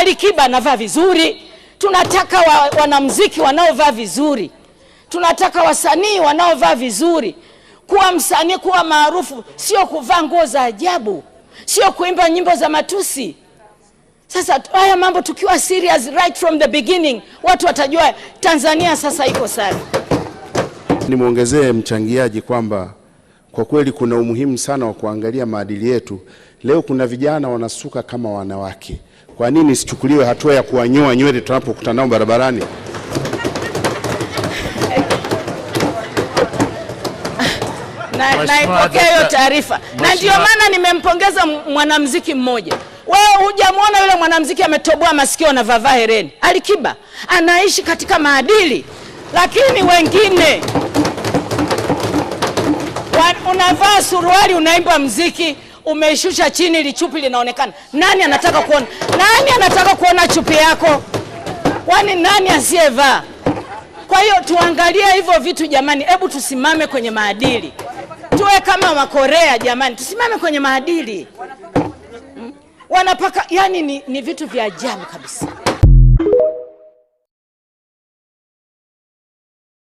Alikiba anavaa vizuri, tunataka wa, wanamziki wanaovaa vizuri, tunataka wasanii wanaovaa vizuri. Kuwa msanii kuwa maarufu sio kuvaa nguo za ajabu, sio kuimba nyimbo za matusi. Sasa haya mambo tukiwa serious right from the beginning, watu watajua Tanzania sasa iko sawa. Nimwongezee mchangiaji kwamba kwa kweli kuna umuhimu sana wa kuangalia maadili yetu. Leo kuna vijana wanasuka kama wanawake, kwa nini sichukuliwe hatua ya kuwanyoa nywele tunapokutana nao barabarani? Naipokea hiyo taarifa, na ndio maana nimempongeza mwanamuziki mmoja. Wewe hujamwona yule mwanamuziki ametoboa masikio na vavaa hereni? Alikiba anaishi katika maadili, lakini wengine unavaa suruali unaimba mziki umeishusha chini, ili chupi linaonekana. Nani anataka kuona, nani anataka kuona chupi yako? Kwani nani asiyevaa? Kwa hiyo tuangalie hivyo vitu jamani, hebu tusimame kwenye maadili, tuwe kama Wakorea jamani, tusimame kwenye maadili. Hmm? Wanapaka yani ni, ni vitu vya ajabu kabisa.